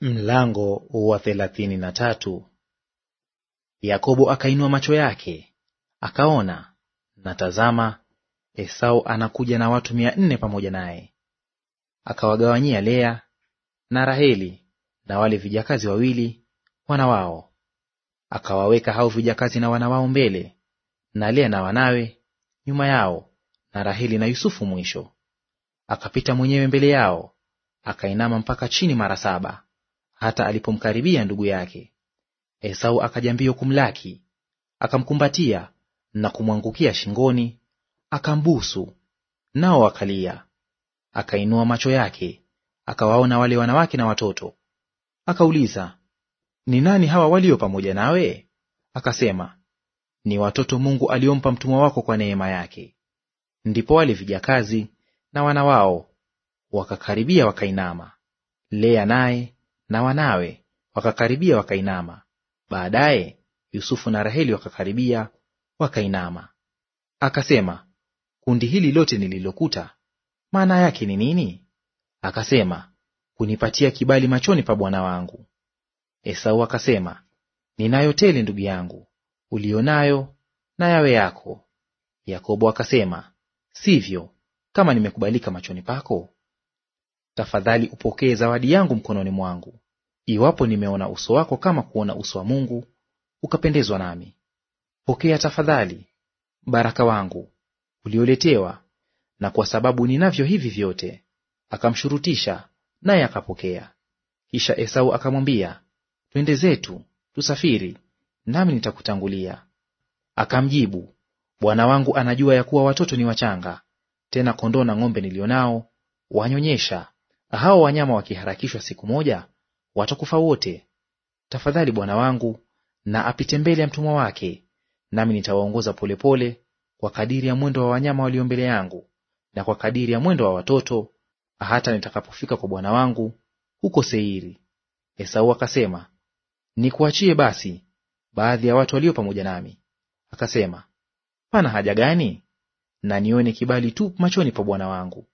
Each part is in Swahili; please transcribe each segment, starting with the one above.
Mlango wa thelathini na tatu. Yakobo akainua macho yake akaona, na tazama, Esau anakuja na watu mia nne pamoja naye. Akawagawanyia Lea na Raheli na wale vijakazi wawili wana wao, akawaweka hao vijakazi na wana wao mbele, na Lea na wanawe nyuma yao, na Raheli na Yusufu mwisho. Akapita mwenyewe mbele yao, akainama mpaka chini mara saba hata alipomkaribia ndugu yake. Esau akaja mbio kumlaki, akamkumbatia na kumwangukia shingoni, akambusu, nao akalia. Akainua macho yake, akawaona wale wanawake na watoto. Akauliza, ni nani hawa walio pamoja nawe? Akasema, ni watoto Mungu aliompa mtumwa wako kwa neema yake. Ndipo wale vijakazi na wana wao wakakaribia, wakainama. Lea naye na wanawe wakakaribia wakainama. Baadaye Yusufu na Raheli wakakaribia wakainama. Akasema, kundi hili lote nililokuta maana yake ni nini? Akasema, kunipatia kibali machoni pa bwana wangu. Esau akasema, ninayo tele ndugu yangu, ulionayo na yawe yako. Yakobo akasema, sivyo, kama nimekubalika machoni pako, tafadhali upokee zawadi yangu mkononi mwangu, iwapo nimeona uso wako kama kuona uso wa Mungu, ukapendezwa nami. Pokea tafadhali baraka wangu ulioletewa, na kwa sababu ninavyo hivi vyote. Akamshurutisha naye akapokea. Kisha Esau akamwambia, twende zetu tusafiri, nami nitakutangulia. Akamjibu, bwana wangu anajua ya kuwa watoto ni wachanga, tena kondoo na ng'ombe niliyo nao wanyonyesha, hao wanyama wakiharakishwa siku moja watakufa wote. Tafadhali bwana wangu na apite mbele ya mtumwa wake, nami nitawaongoza polepole kwa kadiri ya mwendo wa wanyama walio mbele yangu, na kwa kadiri ya mwendo wa watoto, hata nitakapofika kwa bwana wangu huko Seiri. Esau akasema, nikuachie basi baadhi ya watu walio pamoja nami. Akasema, pana haja gani? Na nione kibali tu machoni pa bwana wangu.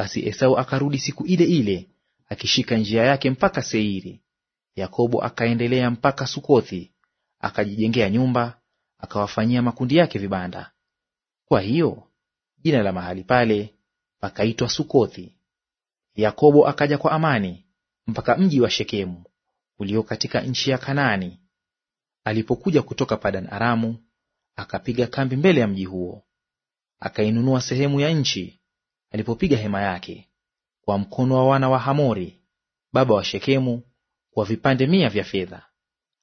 Basi Esau akarudi siku ile ile akishika njia yake mpaka Seiri. Yakobo akaendelea mpaka Sukothi, akajijengea nyumba, akawafanyia makundi yake vibanda. Kwa hiyo jina la mahali pale pakaitwa Sukothi. Yakobo akaja kwa amani mpaka mji wa Shekemu ulio katika nchi ya Kanaani. Alipokuja kutoka Padan Aramu, akapiga kambi mbele ya mji huo. Akainunua sehemu ya nchi alipopiga hema yake, kwa mkono wa wana wa Hamori baba wa Shekemu kwa vipande mia vya fedha,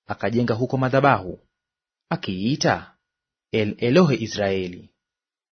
akajenga huko madhabahu akiiita El Elohe Israeli.